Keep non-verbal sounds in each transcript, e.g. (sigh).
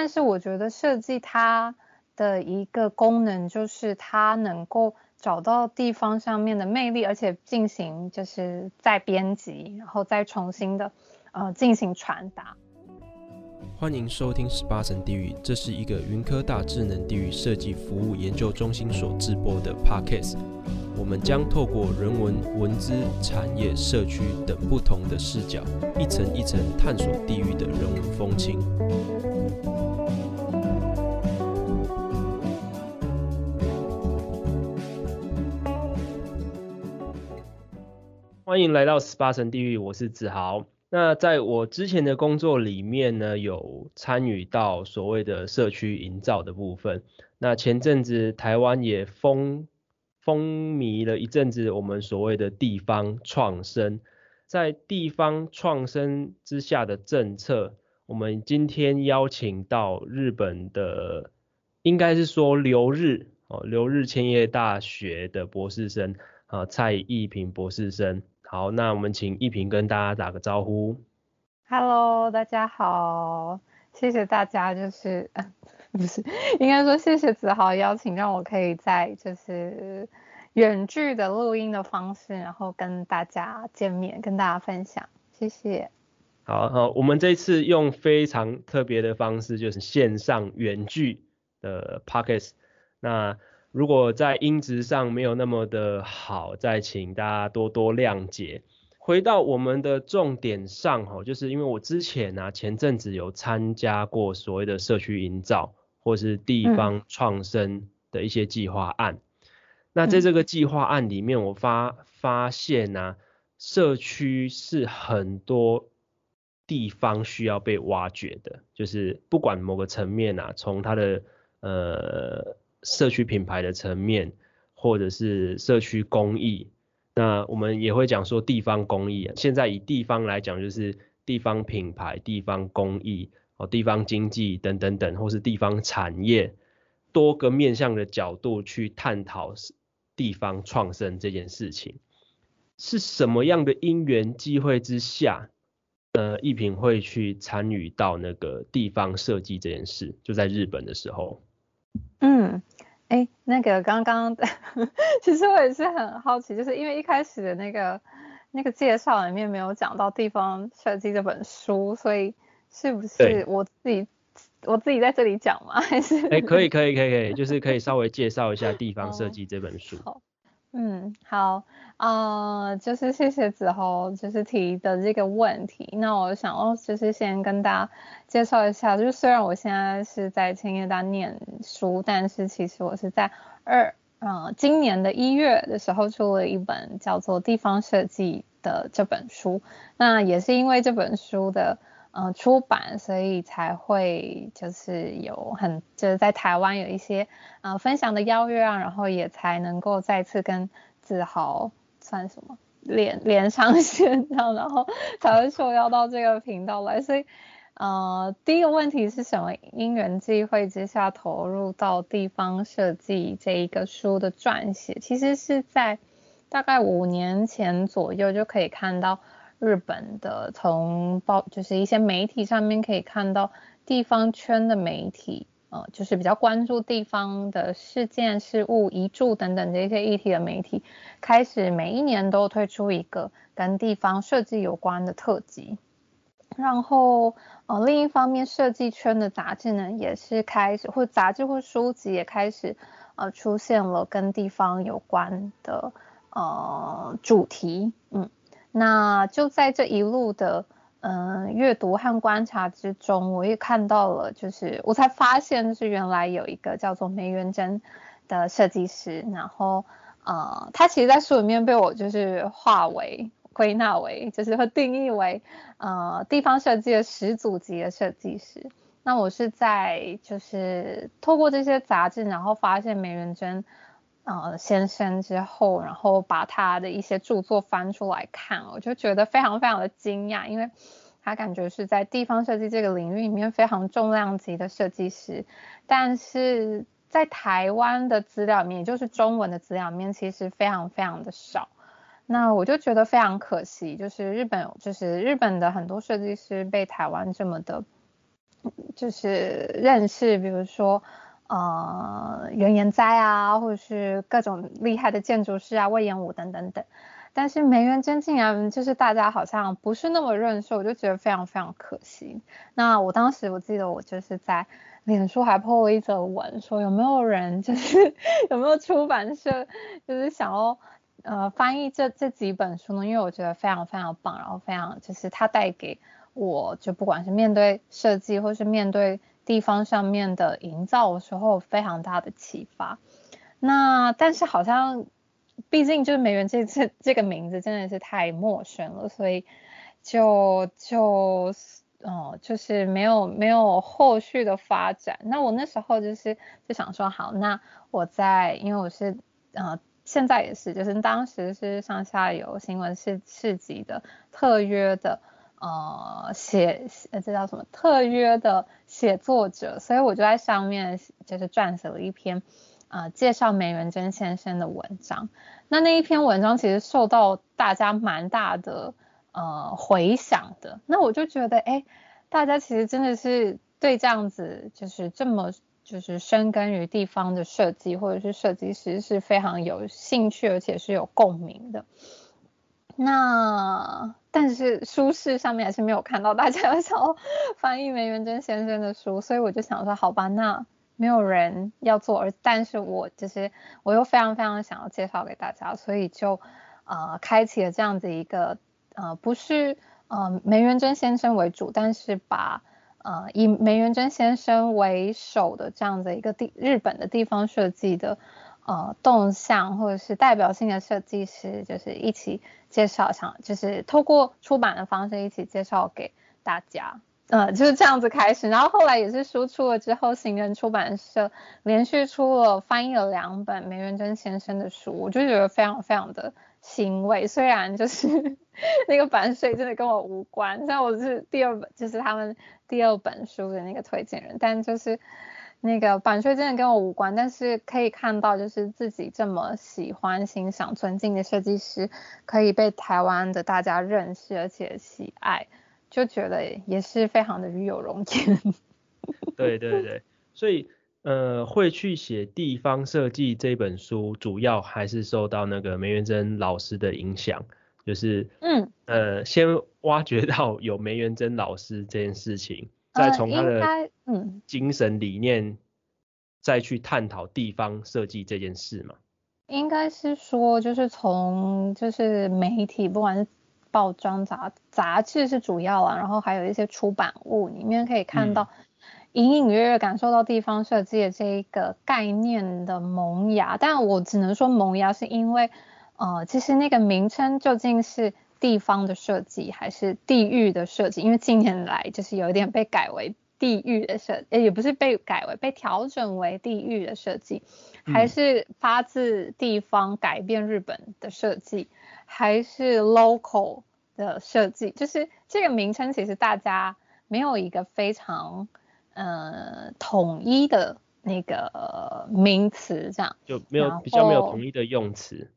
但是我覺得設計它的一個功能，就是它能夠找到地方上面的魅力，而且進行就是再編輯，然後再重新的呃進行傳達。歡迎收聽十八層地域，這是一個雲科大智能地域設計服務研究中心所製播的 Podcast。我們將透過人文、文資、產業、社區等不同的視角，一層一層探索地域的人文風情。歡迎來到十八層地域，我是子豪。那在我之前的工作裡面呢，有參與到所謂的社區營造的部分。那前陣子台灣也風風靡了一陣子，我們所謂的地方創生，在地方創生之下的政策，我們今天邀請到日本的，應該是說留日哦，留日千葉大學的博士生啊，蔡奕屏博士生，好，那我們請奕屏跟大家打個招呼。Hello，大家好，謝謝大家，就是、啊、不是應該說謝謝子豪邀請，讓我可以在就是遠距的錄音的方式，然後跟大家見面，跟大家分享，謝謝。好好，我們這次用非常特別的方式，就是線上遠距的 podcast，那。如果在音質上沒有那麼的好，再請大家多多諒解。回到我們的重點上，吼，就是因為我之前、啊、前陣子有參加過所謂的社區營造或是地方創生的一些計劃案、嗯。那在這個計劃案裡面，我發發現、啊、社區是很多地方需要被挖掘的，就是不管某個層面啊，從它的呃。社區品牌的層面，或者是社區公益，那我們也會講說地方公益。現在以地方來講，就是地方品牌、地方公益、哦，地方經濟等等等，或是地方產業，多個面向的角度去探討地方創生這件事情。是什麼樣的因緣機會之下，呃，奕屏會去參與到那個地方設計這件事，就在日本的時候。嗯，哎，那個剛剛其實我也是很好奇，就是因為一開始的那個那個介紹裡面沒有講到地方設計這本書，所以是不是我自己我自己在這裡講嗎？還是誒，可以可以可以可以，就是可以稍微介紹一下地方設計這本書。嗯嗯，好啊、呃，就是謝謝子豪，就是提的這個問題。那我想哦，就是先跟大家介紹一下，就是雖然我現在是在千葉大念書，但是其實我是在二，啊、呃，今年的一月的時候出了一本叫做《地方設計》的這本書。那也是因為這本書的。嗯、呃，出版，所以才會就是有很就是在台灣有一些呃分享的邀約啊，然後也才能夠再次跟子豪算什麼聯連上線這樣，然後才會受邀到，到這個頻道來。所以，呃，第一個問題是什麼因緣際會之下投入到地方設計這一個書的撰寫，其實是在大概五年前左右就可以看到。日本的從報就是一些媒體上面可以看到地方圈的媒體，呃，就是比較關注地方的事件事物、移住等等這些議題的媒體，開始每一年都推出一個跟地方設計有關的特輯。然後，呃，另一方面，設計圈的雜誌呢也是開始，或雜誌或書籍也開始，呃，出現了跟地方有關的呃主題，嗯。那就在這一路的嗯閱、呃、讀和觀察之中，我也看到了，就是我才發現，就是原來有一個叫做梅原真的設計師，然後啊、呃，他其實，在書裡面被我就是化為歸納為，就是會定義為呃地方設計的始祖級的設計師。那我是在就是透過這些雜誌，然後發現梅原真。呃，先生之後，然後把他的一些著作翻出來看，我就覺得非常非常的驚訝，因為他感覺是在地方設計這個領域裡面非常重量級的設計師，但是在台灣的資料裡面，也就是中文的資料裡面，其實非常非常的少。那我就覺得非常可惜，就是日本，就是日本的很多設計師被台灣這麼的，就是認識，比如說。呃，原研哉啊，或者是各種厲害的建築師啊，隈研吾等等等，但是梅原真竟然、啊、就是大家好像不是那麼認識，我就覺得非常非常可惜。那我當時我記得我就是在臉書還 po 了一則文，說有沒有人就是 (laughs) 有沒有出版社就是想要呃翻譯這這幾本書呢？因為我覺得非常非常棒，然後非常就是它帶給我就不管是面對設計或是面對。地方上面的營造的時候，非常大的啟發。那但是好像，畢竟就是美元這次這個名字真的是太陌生了，所以就就哦、呃，就是沒有沒有後續的發展。那我那時候就是就想說，好，那我在因為我是、呃、現在也是，就是當時是上下游新聞是市集的特約的。呃，寫這叫什麼特約的寫作者，所以我就在上面就是撰寫了一篇啊、呃、介紹梅原真先生的文章。那那一篇文章其實受到大家蠻大的呃回響的。那我就覺得，哎，大家其實真的是對這樣子就是這麼就是深耕於地方的設計或者是設計師是非常有興趣而且是有共鳴的。那。但是書市上面還是沒有看到大家想要翻譯梅元貞先生的書，所以我就想說好吧，那沒有人要做，而但是我就是我又非常非常想要介紹給大家，所以就啊、呃、開啟了這樣子一個啊、呃、不是、呃、梅元貞先生為主，但是把啊、呃、以梅元貞先生為首的這樣的一個地日本的地方設計的。呃，動向或者是代表性的設計師，就是一起介紹，想就是透過出版的方式一起介紹給大家，呃，就是這樣子開始。然後後來也是輸出了之後，行人出版社連續出了翻譯了兩本梅原真先生的書，我就覺得非常非常的欣慰。雖然就是 (laughs) 那個版稅真的跟我無關，雖然我是第二本，就是他們第二本書的那個推薦人，但就是。那個版稅真的跟我無關，但是可以看到，就是自己這麼喜歡、欣賞、尊敬的設計師，可以被台灣的大家認識而且喜愛，就覺得也是非常的於有榮焉與有榮焉。對對對，所以呃，會去寫《地方設計》這本書，主要還是受到那個梅原真老師的影響，就是嗯，呃，先挖掘到有梅原真老師這件事情。再從他的精神理念再去探討地方設計這件事嘛、嗯？應該、嗯、是說，就是從就是媒體，不管是報章雜雜誌是主要啊，然後還有一些出版物裡面可以看到，隱、嗯、隱約約感受到地方設計的這一個概念的萌芽。但我只能說萌芽是因為，呃，其實那個名稱究竟是。地方的設計還是地域的設計？因為近年來就是有一點被改為地域的設，也不是被改為被調整為地域的設計，還是發自地方改變日本的設計，還是 local 的設計，就是這個名稱其實大家沒有一個非常嗯、呃、統一的那個名詞這樣，就沒有比較沒有統一的用詞。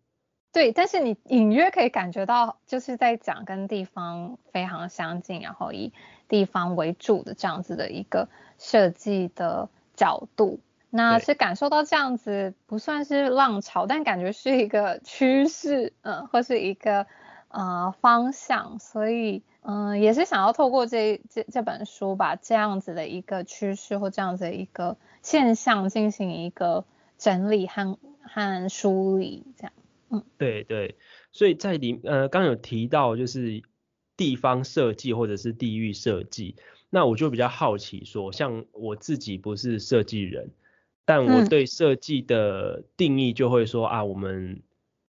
對，但是你隱約可以感覺到，就是在講跟地方非常相近，然後以地方為主的這樣子的一個設計的角度，那是感受到這樣子不算是浪潮，但感覺是一個趨勢，嗯、呃，或是一個呃方向，所以嗯、呃，也是想要透過這這這本書吧，把這樣子的一個趨勢或這樣子的一個現象進行一個整理和和梳理，這樣。對對，所以在裡面呃剛、剛有提到就是地方設計或者是地域設計，那我就比較好奇說，像我自己不是設計人，但我對設計的定義就會說、嗯、啊，我們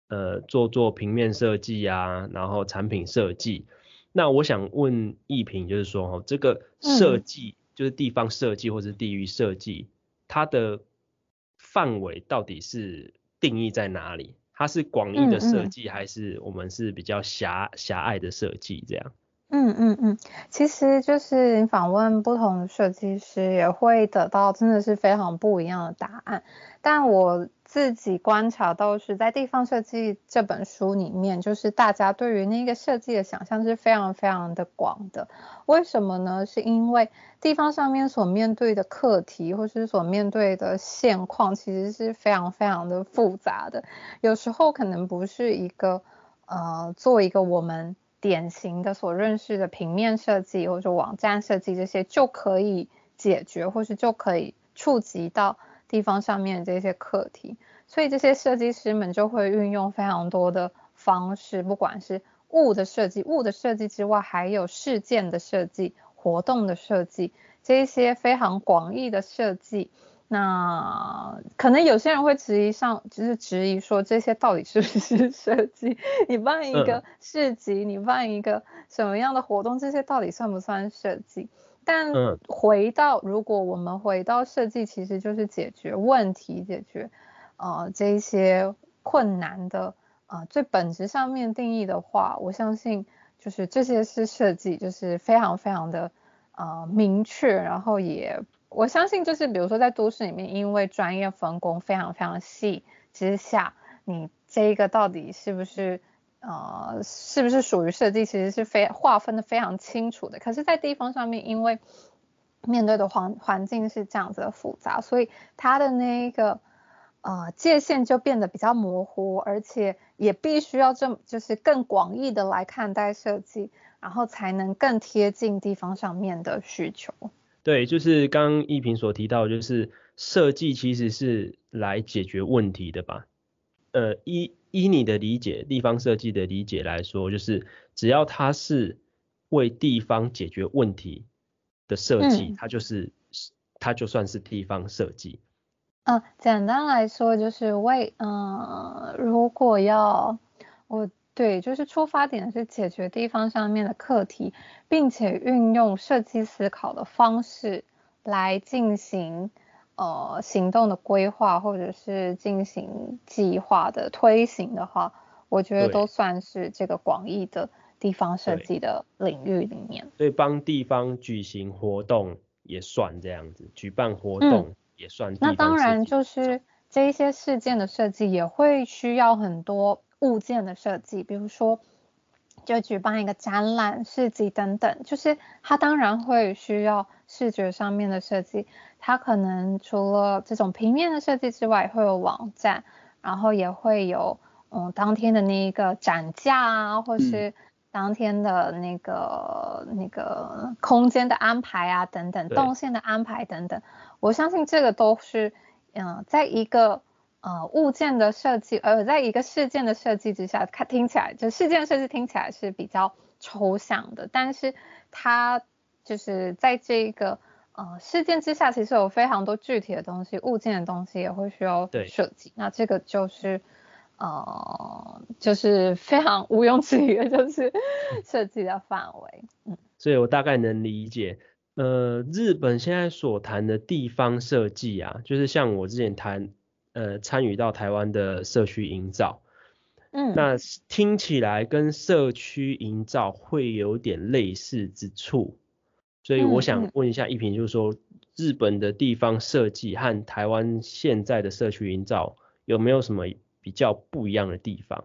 呃做做平面設計啊，然後產品設計，那我想問奕屏就是說，哦這個設計就是地方設計或者是地域設計，它的範圍到底是定義在哪裡？它是廣義的設計、嗯嗯，還是我們是比較狹狹隘的設計？這樣？嗯嗯嗯，其實就是你訪問不同的設計師，也會得到真的是非常不一樣的答案。但我自己觀察到是在地方設計這本書裡面，就是大家對於那個設計的想象是非常非常的廣的。為什麼呢？是因為地方上面所面對的課題或是所面對的現況，其實是非常非常的複雜的。有時候可能不是一個呃，做一個我們典型的所認識的平面設計或者網站設計這些就可以解決，或是就可以觸及到。地方上面這些課題，所以這些設計師們就會運用非常多的方式，不管是物的設計、物的設計之外，還有事件的設計、活動的設計，這一些非常廣義的設計。那可能有些人會質疑上，就是質疑說這些到底是不是設計？你辦一個市集，你辦一個什麼樣的活動，這些到底算不算設計？但回到，如果我們回到設計，其實就是解決問題、解決呃這些困難的呃最本質上面定義的話，我相信就是這些是設計，就是非常非常的、呃、明確。然後也我相信，就是比如說在都市裡面，因為專業分工非常非常細之下，你這一個到底是不是？啊、呃，是不是屬於設計？其實是非劃分的非常清楚的。可是，在地方上面，因為面對的環環境是這樣子的複雜，所以它的那個呃界限就變得比較模糊，而且也必須要這麼就是更廣義的來看待設計，然後才能更貼近地方上面的需求。對，就是剛剛奕屏所提到，就是設計其實是來解決問題的吧？呃，一。依你的理解，地方設計的理解來說，就是只要它是為地方解決問題的設計，它、嗯、就是它就算是地方設計。嗯，簡單來說就是為嗯、呃，如果要我對，就是出發點是解決地方上面的課題，並且運用設計思考的方式來進行。呃，行動的規劃或者是進行計劃的推行的話，我覺得都算是這個廣義的地方設計的領域裡面。對，對，所以幫地方舉行活動也算這樣子，舉辦活動也算。嗯，那當然就是這一些事件的設計也會需要很多物件的設計，比如說。就舉辦一個展覽、市集等等，就是它當然會需要視覺上面的設計。它可能除了這種平面的設計之外，會有網站，然後也會有嗯當天的那一個展架啊，或是當天的那個那個空間的安排啊等等，動線的安排等等。我相信這個都是嗯、呃、在一個。呃，物件的設計，呃，在一個事件的設計之下，看聽起來就事件設計聽起來是比較抽象的，但是它就是在這個呃事件之下，其實有非常多具體的東西，物件的東西也會需要設計。那這個就是呃，就是非常毋庸置疑的就是設計的範圍。嗯，所以我大概能理解，呃，日本現在所談的地方設計啊，就是像我之前談。呃，參與到台灣的社區營造，嗯，那聽起來跟社區營造會有點類似之處，所以我想問一下奕屏，就是說、嗯、日本的地方設計和台灣現在的社區營造有沒有什麼比較不一樣的地方？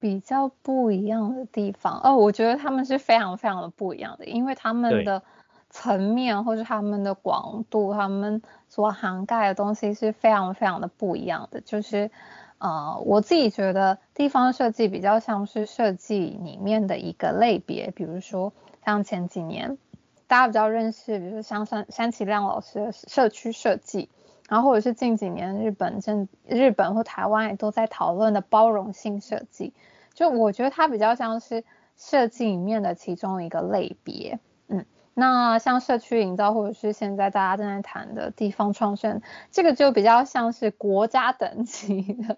比較不一樣的地方，哦，我覺得他們是非常非常的不一樣的，因為他們的。層面或者他們的廣度，他們所涵蓋的東西是非常非常的不一樣的。就是，呃，我自己覺得地方設計比較像是設計裡面的一個類別，比如說像前幾年大家比較認識，比如說像山山崎亮老師的社區設計，然後或者是近幾年日本正日本或台灣也都在討論的包容性設計，就我覺得它比較像是設計裡面的其中一個類別，嗯。那像社區營造，或者是現在大家正在談的地方創生，這個就比較像是國家等級的，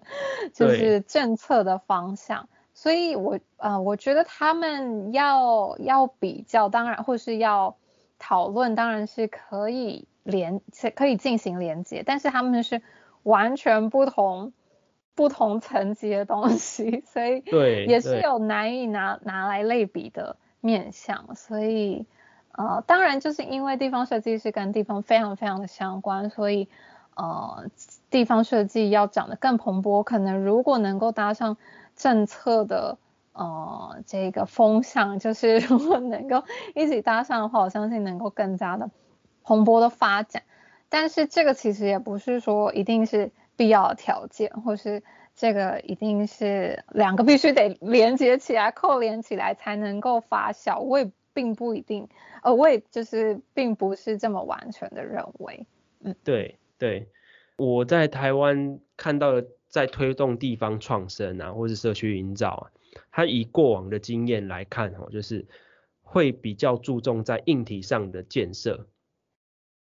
就是政策的方向。所以我，我呃，我覺得他們要要比較，當然或是要討論，當然是可以連，可以進行連接，但是他們是完全不同不同層級的東西，所以對，也是有難以拿拿來類比的面向，所以。呃，當然就是因為地方設計師跟地方非常非常的相關，所以呃，地方設計要長得更蓬勃，可能如果能夠搭上政策的呃這個風向，就是如果能夠一起搭上的話，我相信能夠更加的蓬勃的發展。但是這個其實也不是說一定是必要的條件，或是這個一定是兩個必須得連接起來、扣連起來才能夠發小位。並不一定，呃，我也就是並不是這麼完全的認為，嗯，對對，我在台灣看到了在推動地方創生啊，或是社區營造啊，他以過往的經驗來看哦，就是會比較注重在硬體上的建設，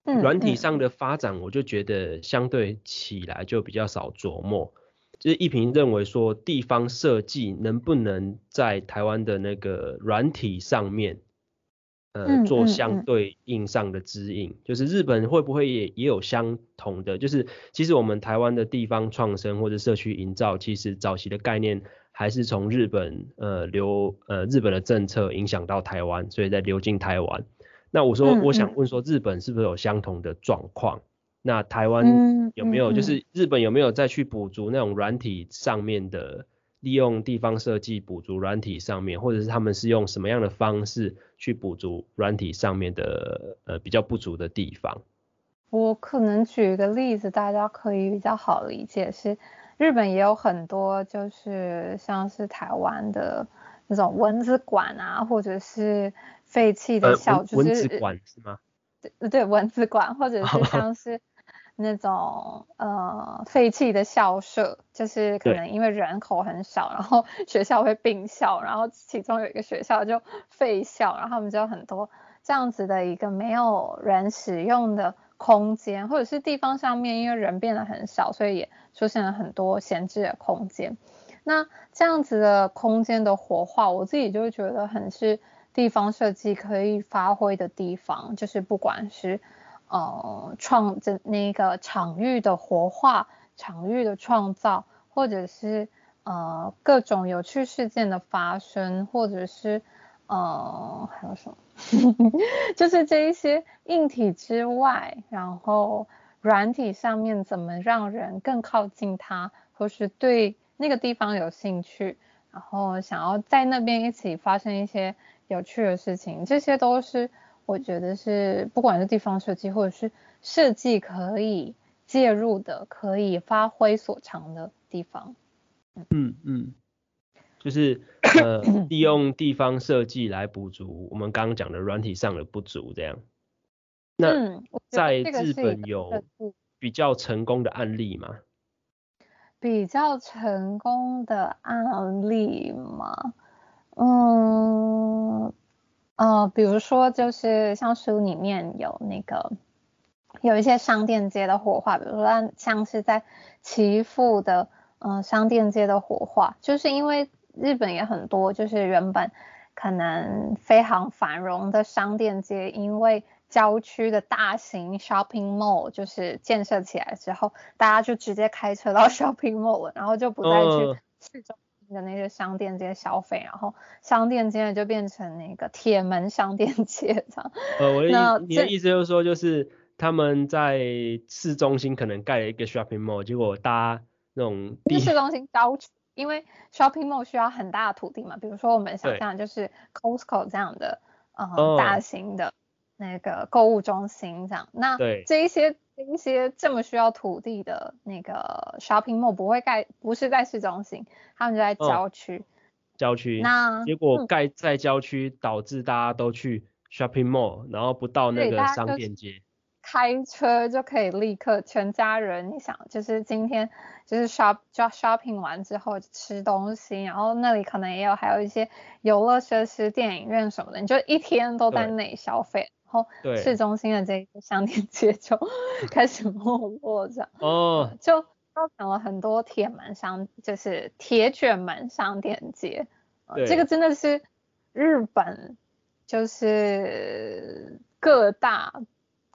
嗯，嗯、軟體上的發展，我就覺得相對起來就比較少琢磨。就是奕屏認為說，地方設計能不能在台灣的那個軟體上面。呃，做相對應上的指引，嗯嗯、就是日本會不會也也有相同的？就是其實我們台灣的地方創生或者社區營造，其實早期的概念還是從日本呃流呃日本的政策影響到台灣，所以在流進台灣。那我說我想問說，日本是不是有相同的狀況、嗯？那台灣有沒有、嗯嗯、就是日本有沒有再去補足那種軟體上面的？利用地方設計補足軟體上面，或者是他們是用什麼樣的方式去補足軟體上面的呃比較不足的地方？我可能舉一個例子，大家可以比較好理解，是日本也有很多就是像是台灣的那種蚊子館啊，或者是廢棄的小就是、呃、蚊子館是嗎？對對，蚊子館或者是像是。 (laughs) 那種呃廢棄的校舍，就是可能因為人口很少，然後學校會並校，然後其中有一個學校就廢校，然後我們就有很多這樣子的一個沒有人使用的空間，或者是地方上面因為人變得很少，所以也出現了很多閒置的空間。那這樣子的空間的活化，我自己就覺得很是地方設計可以發揮的地方，就是不管是。呃，創這那一個場域的活化，場域的創造，或者是呃各種有趣事件的發生，或者是呃還有什麼， (laughs) 就是這一些硬體之外，然後軟體上面怎麼讓人更靠近它，或是對那個地方有興趣，然後想要在那邊一起發生一些有趣的事情，這些都是。我覺得是，不管是地方設計或者是設計可以介入的、可以發揮所長的地方。嗯嗯，就是呃， (coughs) 利用地方設計來補足我們剛剛講的軟體上的不足，這樣。那在日本有比較成功的案例嗎？嗯、比較成功的案例嗎？嗯。呃，比如說就是像書裡面有那個有一些商店街的活化，比如說像是在岐阜的呃商店街的活化，就是因為日本也很多，就是原本可能非常繁榮的商店街，因為郊區的大型 shopping mall 就是建設起來之後，大家就直接開車到 shopping mall 了，然後就不再去去中。呃的那些商店街消費，然後商店街就變成那個鐵門商店街這樣。呃，我的，那你的意思就是說，就是他們在市中心可能蓋了一個 shopping mall，結果搭那種市中心高，因為 shopping mall 需要很大的土地嘛。比如說我們想象就是 Costco 這樣的，呃，大型的那個購物中心這樣。那，對，這一些一些這麼需要土地的那個 shopping mall 不會蓋，不是在市中心，他們就在郊區、哦。郊區。那結果蓋在郊區，導致大家都去 shopping mall，然後不到那個商店街。開車就可以立刻全家人，你想，就是今天就是 shop shop shopping 完之後吃東西，然後那裡可能也有還有一些遊樂設施、電影院什麼的，你就一天都在那裡消費。然後市中心的這個商店街就開始沒落了哦，嗯 (laughs) 嗯 oh. 就包含了很多鐵門商，就是鐵捲門商店街、嗯。對。這個真的是日本，就是各大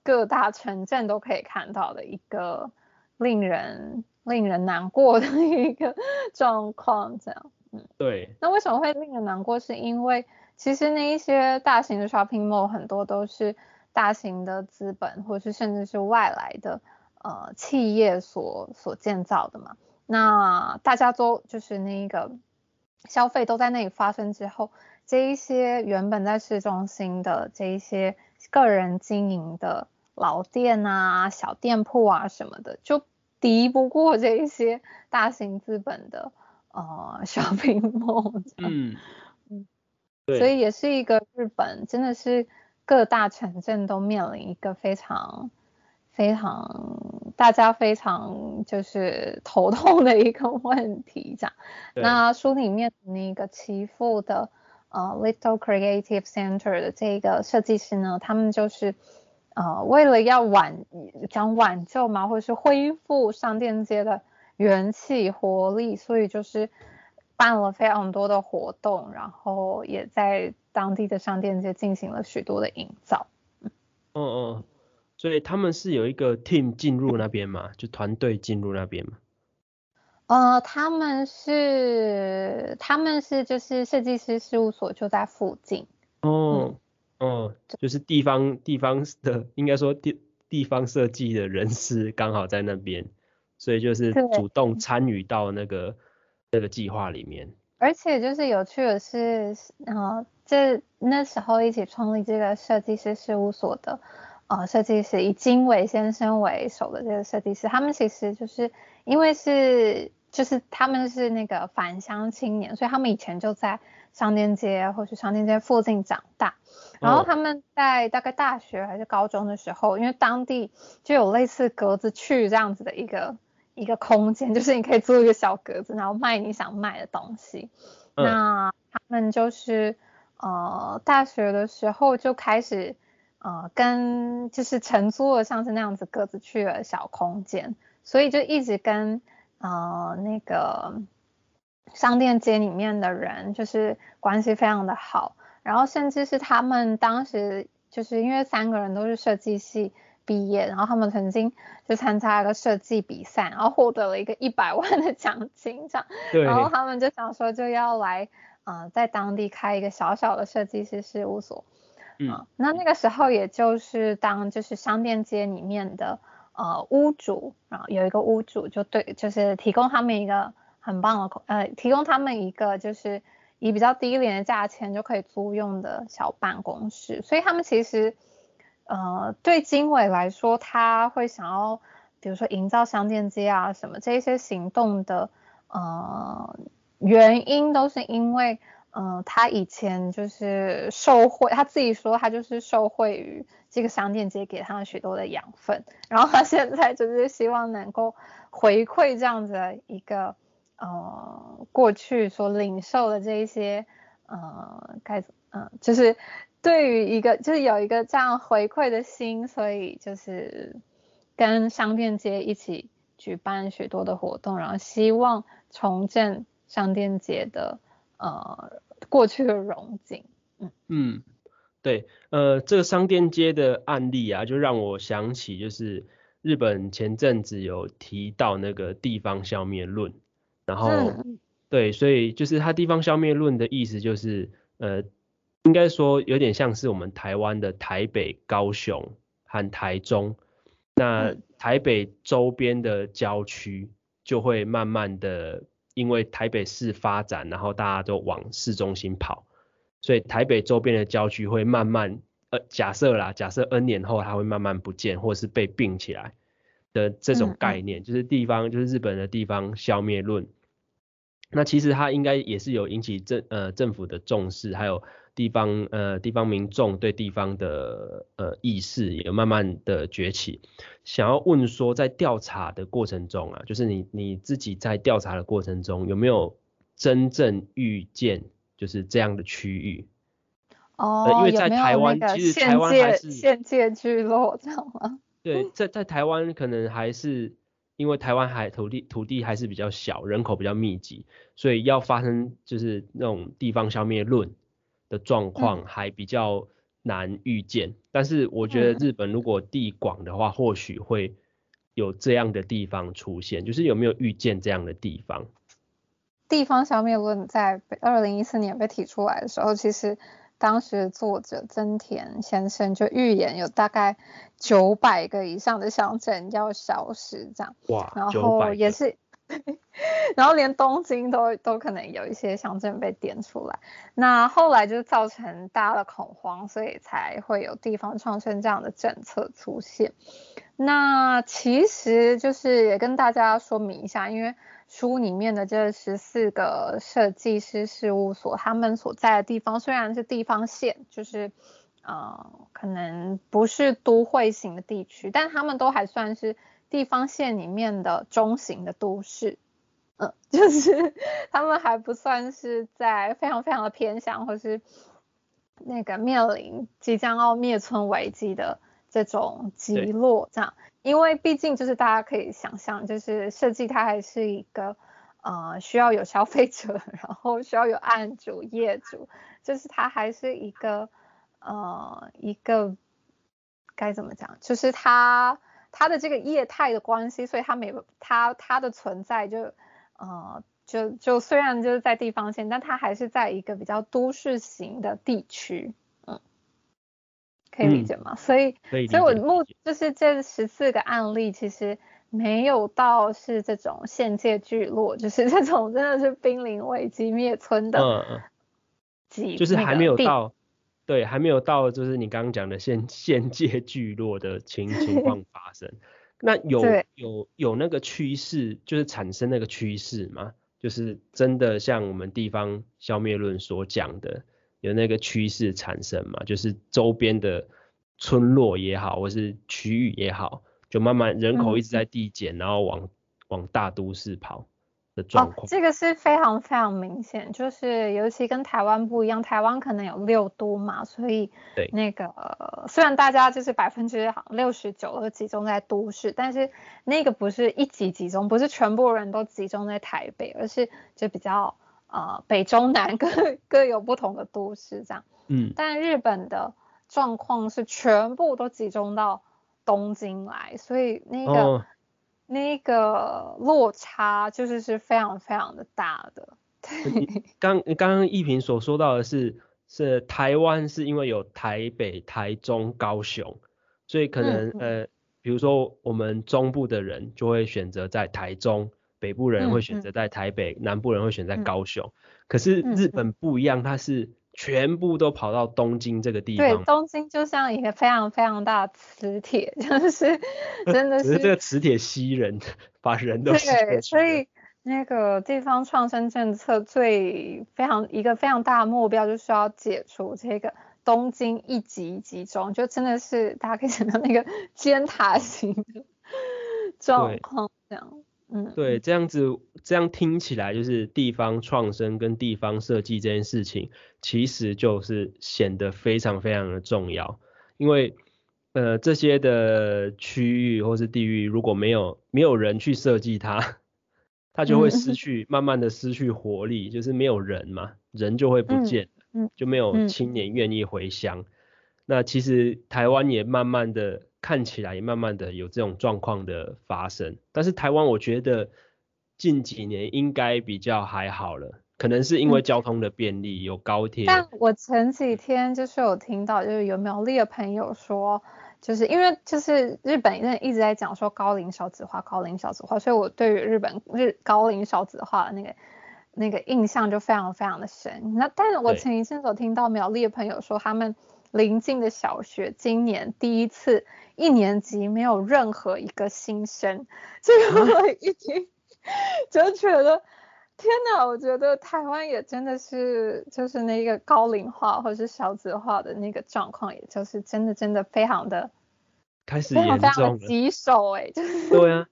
各大城鎮都可以看到的一個令人、令人難過的一個狀況，這樣、嗯。對。那為什麼會令人難過？是因為。其實那一些大型的 shopping mall 很多都是大型的資本，或者是甚至是外來的呃企業所所建造的嘛。那大家都就是那一個消費都在那裡發生之後，這一些原本在市中心的這一些個人經營的老店啊、小店鋪啊什麼的，就敵不過這一些大型資本的呃 shopping mall。嗯。所以也是一個日本，真的是各大城鎮都面臨一個非常、非常大家非常就是頭痛的一個問題這樣。那書裡面的那個岐阜的、呃、Little Creative Center 的這個設計師呢，他們就是、呃、為了要挽講挽救嘛，或者是恢復商店街的元氣活力，所以就是。辦了非常多的活動，然後也在當地的商店街進行了許多的營造。嗯、哦、嗯，所以他們是有一個 team 進入那邊嗎？就團隊進入那邊嗎？呃，他們是他們是就是設計師事務所就在附近。哦、嗯、哦，就是地方地方的應該說地地方設計的人士剛好在那邊，所以就是主動參與到那個。這個計劃裡面，而且就是有趣的是，啊、呃，這那時候一起創立這個設計師事務所的，呃，設計師以金偉先生為首的這個設計師，他們其實就是因為是就是他們是那個返鄉青年，所以他們以前就在商店街或是商店街附近長大，然後他們在大概大學還是高中的時候，因為當地就有類似格子去這樣子的一個。一個空間，就是你可以租一個小格子，然後賣你想賣的東西。嗯、那他們就是呃大學的時候就開始呃跟就是承租了像是那樣子格子去了小空間，所以就一直跟呃那個商店街裡面的人就是關係非常的好，然後甚至是他們當時就是因為三個人都是設計系。畢業，然後他們曾經就參加一個設計比賽，然後獲得了一個一百萬的獎金這樣，然後他們就想說就要來，嗯、呃，在當地開一個小小的設計師事務所。嗯、呃，那那個時候也就是當就是商店街裡面的呃屋主，然後有一個屋主就對就是提供他們一個很棒的，呃，提供他們一個就是以比較低廉的價錢就可以租用的小辦公室，所以他們其實。呃，對經緯來說，他會想要，比如說營造商店街啊什麼這些行動的，呃，原因都是因為，嗯、呃，他以前就是受惠，他自己說他就是受惠於這個商店街給他許多的養分，然後他現在就是希望能夠回饋這樣子的一個，呃，過去所領受的這一些，呃，該嗯、呃，就是。對於一個就是有一個這樣回饋的心，所以就是跟商店街一起舉辦許多的活動，然後希望重建商店街的呃、過去的榮景。嗯嗯，對，呃，這個商店街的案例啊，就讓我想起就是日本前陣子有提到那個地方消滅論，然後、嗯、對，所以就是它地方消滅論的意思就是呃。應該說有點像是我們台灣的台北、高雄和台中，那台北周邊的郊區就會慢慢的，因為台北市發展，然後大家都往市中心跑，所以台北周邊的郊區會慢慢，呃，假設啦，假設 N 年後它會慢慢不見，或者是被併起來的這種概念，嗯嗯就是地方就是日本的地方消滅論，那其實它應該也是有引起政呃政府的重視，還有。地方呃地方民眾對地方的呃意識也慢慢的崛起。想要問說，在調查的過程中啊，就是你你自己在調查的過程中有沒有真正遇見就是這樣的區域？哦、呃，因為在台灣其實台灣還是限界集落這樣嗎？對，在在台灣可能還是因為台灣還土地土地還是比較小，人口比較密集，所以要發生就是那種地方消滅論的狀況還比較難預見，嗯，但是我覺得日本如果地廣的話，嗯，或許會有這樣的地方出現。就是有沒有預見這樣的地方？地方消滅論在二零一四年被提出來的時候，其實當時作者增田先生就預言有大概九百個以上的鄉鎮要消失，小這樣。哇，九百也是。 (laughs) 然後連東京都都可能有一些鄉鎮被點出來，那後來就造成大家的恐慌，所以才會有地方創生這樣的政策出現。那其實就是也跟大家說明一下，因為書裡面的這十四個設計師事務所，他們所在的地方雖然是地方縣，就是呃可能不是都會型的地區，但他們都還算是。地方縣裡面的中型的都市，嗯、呃，就是他們還不算是在非常非常的偏鄉或是那個面臨即將要滅村危機的這種集落這樣，因為畢竟就是大家可以想象就是設計它還是一個呃需要有消費者，然後需要有案主業主，就是它還是一個呃一個該怎麼講，就是它。它的這個業態的關係，所以它每它它的存在就，呃，就就雖然就是在地方性，但它還是在一個比較都市型的地區，嗯，可以理解嗎？所、嗯、以所以，以所以所以我目的就是這十四個案例，其實沒有到是這種限界聚落，就是這種真的是瀕臨危機滅村的幾，幾、嗯、就是還沒有到。對，還沒有到，就是你剛剛講的限限界聚落的情情況發生。 (laughs) 那有有有那個趨勢，就是產生那個趨勢嘛？就是真的像我們地方消滅論所講的，有那個趨勢產生嘛？就是周邊的村落也好，或是區域也好，就慢慢人口一直在遞減、嗯，然後往往大都市跑。哦，這個是非常非常明顯，就是尤其跟台灣不一樣，台灣可能有六都嘛，所以那個，對，雖然大家就是百分之六十九都集中在都市，但是那個不是一級集、集中，不是全部人都集中在台北，而是就比較啊、呃、北中南各各有不同的都市這樣。嗯。但日本的狀況是全部都集中到東京來，所以那個。哦那個落差就是是非常非常的大的。對，剛剛，剛一平所說到的是，是台灣是因為有台北、台中、高雄，所以可能、嗯、呃，比如說我們中部的人就會選擇在台中，北部人會選擇在台北，嗯、南部人會選擇在高雄、嗯。可是日本不一樣，它是。全部都跑到東京這個地方。對，東京就像一個非常非常大的磁鐵，就是，真的是，真的是。是這個磁鐵吸人，把人都吸過去。對，所以那個地方創生政策最非常一個非常大的目標，就是要解除這個東京一極集，集中，就真的是大家可以想到那個尖塔型的狀況這樣。對，這樣子，這樣聽起來就是地方創生跟地方設計這件事情，其實就是顯得非常非常的重要，因為呃這些的區域或是地域如果沒有沒有人去設計它，它就會失去 (laughs) 慢慢的失去活力，就是沒有人嘛，人就會不見，就沒有青年願意回鄉，那其實台灣也慢慢的。看起來慢慢的有這種狀況的發生，但是台灣我覺得近幾年應該比較還好了，可能是因為交通的便利，嗯、有高鐵。但我前幾天就是有聽到，就是有苗栗的朋友說，就是因為就是日本人一直在講說高齡少子化，高齡少子化，所以我對於日本日高齡少子化的那個那個印象就非常非常的深。那但是我前幾天所聽到苗栗的朋友說他們。鄰近的小學今年第一次一年級沒有任何一個新生，就我一聽就覺得、啊，天哪！我覺得台灣也真的是，就是那個高齡化或者是少子化的那個狀況，也就是真的真的非常的開始嚴重，非常非常棘手誒、欸，就是對啊，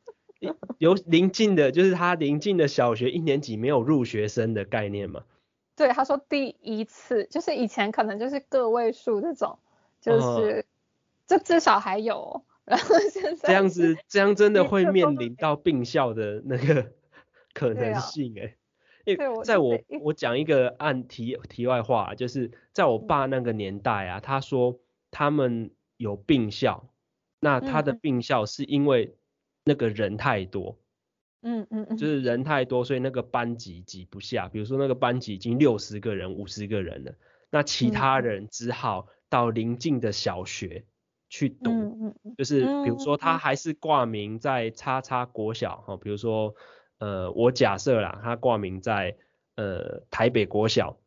有鄰近的，就是他鄰近的小學一年級沒有入學生的概念嘛？對，他說第一次就是以前可能就是個位數這種，就是，這、嗯、至少還有，然後現在這樣子，這樣真的會面臨到併校的那個可能性、欸啊、因為我在我我，我講一個案題題外話、啊，就是在我爸那個年代啊，他說他們有併校，那他的併校是因為那個人太多。嗯嗯嗯嗯，就是人太多，所以那個班級擠不下。比如說那個班級已經六十個人、五十個人了，那其他人只好到鄰近的小學去讀。 (noise) 就是比如說他還是掛名在叉叉國小哈，比如說呃，我假設啦，他掛名在呃台北國小。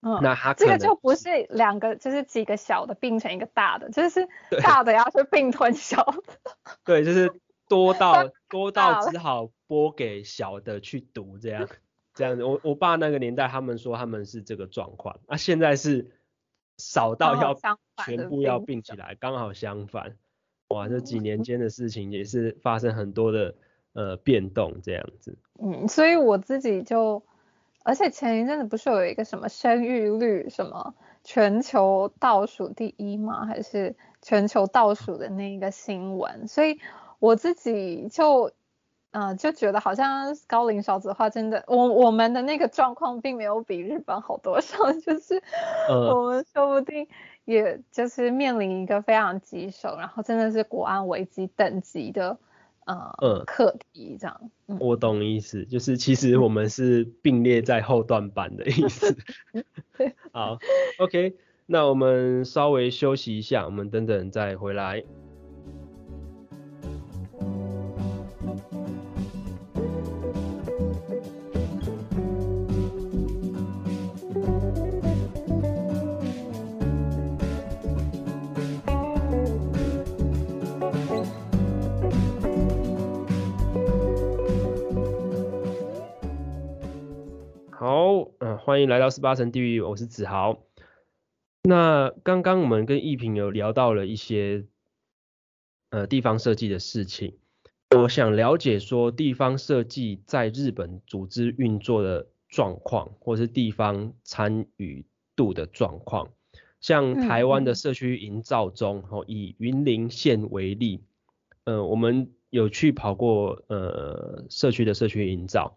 嗯、那他可這個就不是兩個，就是幾個小的併成一個大的，就是大的要去併吞小的。 (laughs) 對，就是。多到多到只好撥給小的去讀，這樣這樣子。我我爸那個年代，他們說他們是這個狀況，啊，現在是少到要全部要併起來，剛好相反。哇，這幾年間的事情也是發生很多的呃變動，這樣子。嗯，所以我自己就，而且前一陣子不是有一個什麼生育率什麼全球倒數第一嗎？還是全球倒數的那個新聞？所以。我自己就，嗯、呃，就覺得好像高齡少子化真的，我我們的那個狀況並沒有比日本好多少，就是我們說不定也就是面臨一個非常棘手、呃，然後真的是國安危機等級的，呃、呃、課題這樣、嗯。我懂意思，就是其實我們是並列在後段班的意思。 (laughs) 對 (laughs) 好，OK，那我們稍微休息一下，我們等等再回來。歡迎來到十八層地域，我是子豪。那剛剛我們跟奕屏有聊到了一些呃地方設計的事情，我想了解說，地方設計在日本組織運作的狀況，或是地方參與度的狀況。像台灣的社區營造中，以雲林縣為例，呃、我們有去跑過呃社區的社區營造，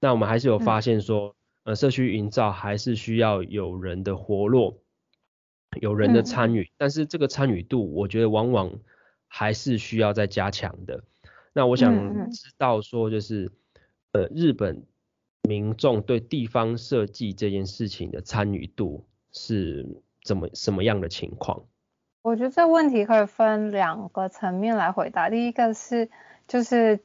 那我們還是有發現說。呃，社區營造還是需要有人的活絡，有人的參與、嗯，但是這個參與度，我覺得往往還是需要再加強的。那我想知道說，就是、嗯、呃，日本民眾對地方設計這件事情的參與度是怎麼什麼樣的情況？我覺得這問題可以分兩個層面來回答。第一個是，就是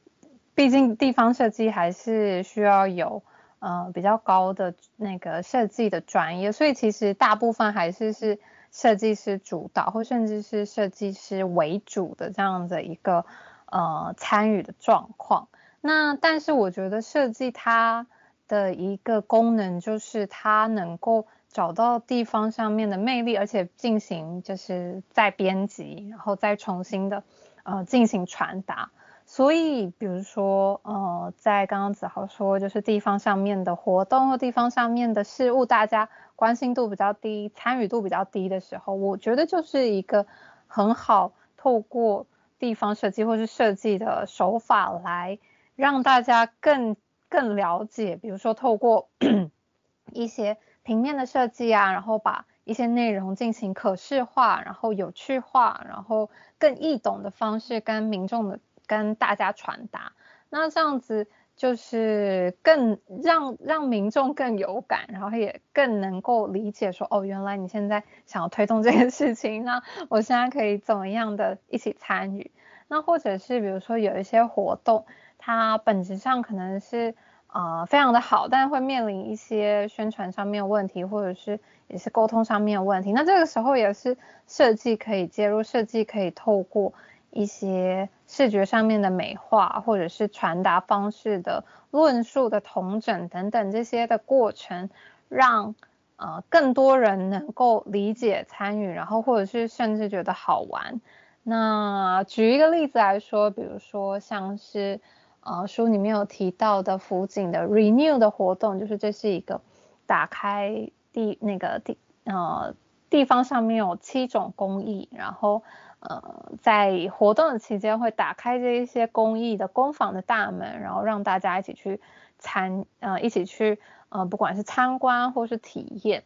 畢竟地方設計還是需要有。呃，比較高的那個設計的專業，所以其實大部分還是是設計師主導，或甚至是設計師為主的這樣的一個呃參與的狀況。那但是我覺得設計它的一個功能就是它能夠找到地方上面的魅力，而且進行就是再編輯，然後再重新的呃進行傳達。所以，比如說，呃，在剛剛子豪說，就是地方上面的活動或地方上面的事物，大家關心度比較低，參與度比較低的時候，我覺得就是一個很好透過地方設計或是設計的手法來讓大家更更了解，比如說透過 (coughs) 一些平面的設計啊，然後把一些內容進行可視化，然後有趣化，然後更易懂的方式跟民眾的。跟大家傳達，那這樣子就是更讓讓民眾更有感，然後也更能夠理解說，哦，原來你現在想要推動這個事情，那我現在可以怎麼樣的一起參與？那或者是比如說有一些活動，它本質上可能是啊，呃，非常的好，但會面臨一些宣傳上面的問題，或者是也是溝通上面的問題，那這個時候也是設計可以介入，設計可以透過。一些視覺上面的美化，或者是傳達方式的論述的統整等等這些的過程，讓呃更多人能夠理解參與，然後或者是甚至覺得好玩。那舉一個例子來說，比如說像是呃書裡面有提到的福井的 Renew 的活動，就是這是一個打開地那個地呃地方上面有七種工藝，然後，呃，在活動的期間會打開這一些工藝的工坊的大門，然後讓大家一起去參，呃，一起去，呃，不管是參觀或是體驗。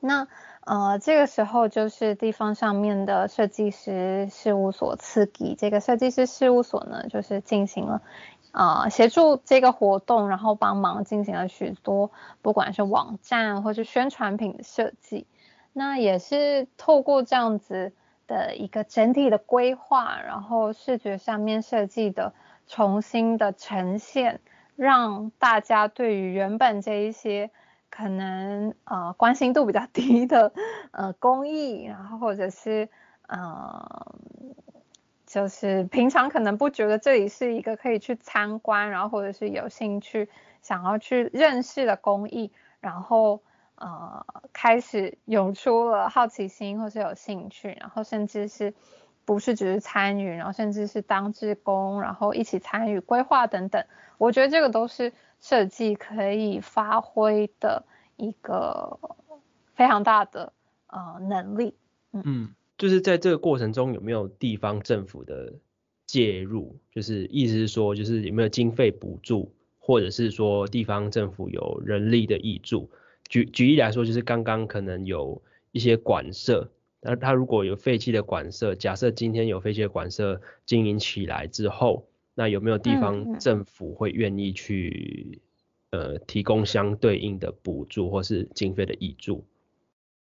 那呃，這個時候就是地方上面的設計師事務所刺激這個設計師事務所呢，就是進行了啊、呃，協助這個活動，然後幫忙進行了許多，不管是網站或是宣傳品的設計。那也是透過這樣子。的一個整體的規劃，然後視覺上面設計的重新的呈現，讓大家對於原本這一些可能啊、呃、關心度比較低的呃工藝，然後或者是呃就是平常可能不覺得這裡是一個可以去參觀，然後或者是有興趣想要去認識的工藝，然後。呃，開始湧出了好奇心，或是有興趣，然後甚至是不是只是參與，然後甚至是當志工，然後一起參與規劃等等。我覺得這個都是設計可以發揮的一個非常大的呃能力嗯。嗯，就是在這個過程中有沒有地方政府的介入？就是意思是說，就是有沒有經費補助，或者是說地方政府有人力的挹注。舉舉例來說，就是剛剛可能有一些館舍，那他如果有廢棄的館舍，假設今天有廢棄的館舍經營起來之後，那有沒有地方政府會願意去、嗯、呃提供相對應的補助或是經費的挹注？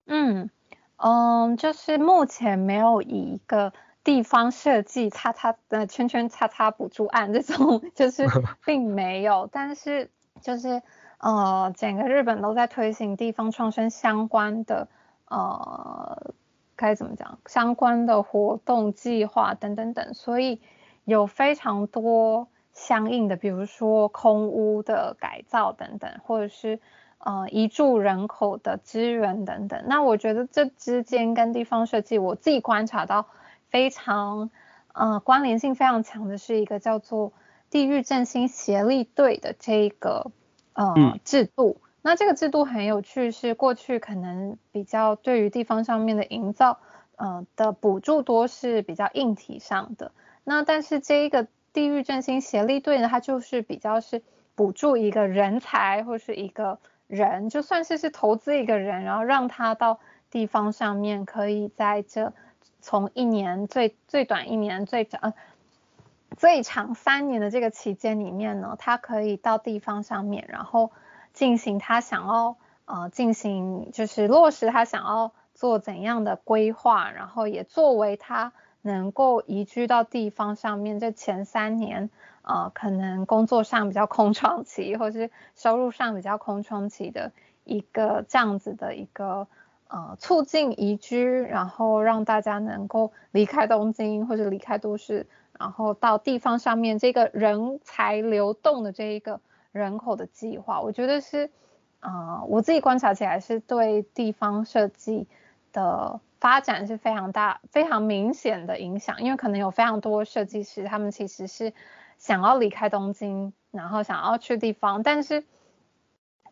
嗯嗯，就是目前沒有以一個地方設計叉叉的圈圈叉叉補助案，這種就是並沒有， (laughs) 但是就是。呃，整個日本都在推行地方創生相關的呃，該怎麼講相關的活動計劃等等等，所以有非常多相應的，比如說空屋的改造等等，或者是呃移住人口的支援等等。那我覺得這之間跟地方設計，我自己觀察到非常呃關聯性非常強的是一個叫做地域振興協力隊的這一個。呃，制度，那這個制度很有趣，是過去可能比較對於地方上面的營造，嗯、呃，的補助多是比較硬體上的，那但是這一個地域振興協力隊呢，它就是比較是補助一個人才或是一個人，就算是是投資一個人，然後讓他到地方上面可以在這從一年最最短一年最長。呃最長三年的這個期間裡面呢，他可以到地方上面，然後進行他想要呃進行就是落實他想要做怎樣的規劃，然後也作為他能夠移居到地方上面。這前三年呃，可能工作上比較空窗期，或是收入上比較空窗期的一個這樣子的一個呃促進移居，然後讓大家能夠離開東京或者離開都市。然後到地方上面這個人才流動的這一個人口的計劃，我覺得是啊、呃，我自己觀察起來是對地方設計的發展是非常大、非常明顯的影響，因為可能有非常多設計師，他們其實是想要離開東京，然後想要去地方，但是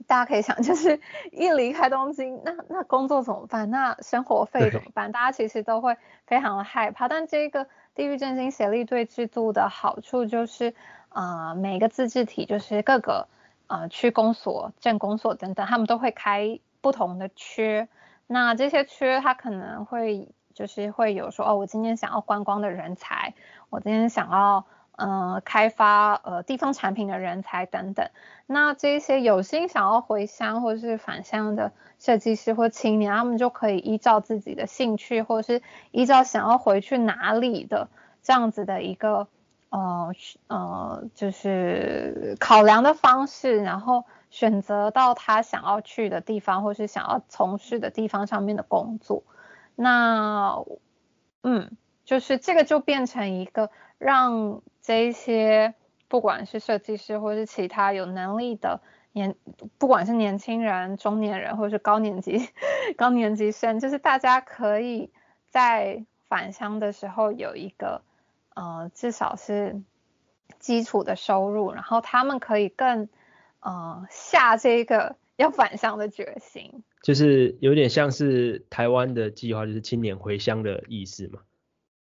大家可以想，就是一離開東京，那那工作怎麼辦？那生活費怎麼辦？大家其實都會非常的害怕。但這個。地域振興協力隊制度的好處就是，啊、呃，每一個自治體就是各個啊呃區公所、鎮公所等等，他們都會開不同的缺。那這些缺，它可能會就是會有說，哦，我今天想要觀光的人才，我今天想要。呃，開發呃地方產品的人才等等，那這些有心想要回鄉或者是返鄉的設計師或青年，他們就可以依照自己的興趣或者是依照想要回去哪裡的這樣子的一個呃呃就是考量的方式，然後選擇到他想要去的地方或是想要從事的地方上面的工作，那嗯，就是這個就變成一個讓。這一些不管是設計師或是其他有能力的年，不管是年輕人、中年人或是高年級高年級生，就是大家可以在返鄉的時候有一個呃至少是基礎的收入，然後他們可以更呃下這個要返鄉的決心，就是有點像是台灣的計劃，就是青年回鄉的意思嘛。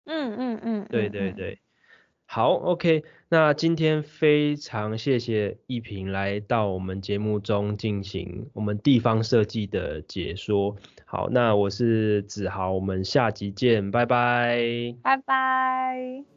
嗯嗯嗯。對對對。好，OK，那今天非常謝謝奕屏來到我們節目中進行我們地方設計的解說。好，那我是子豪，我們下集見，拜拜，拜拜。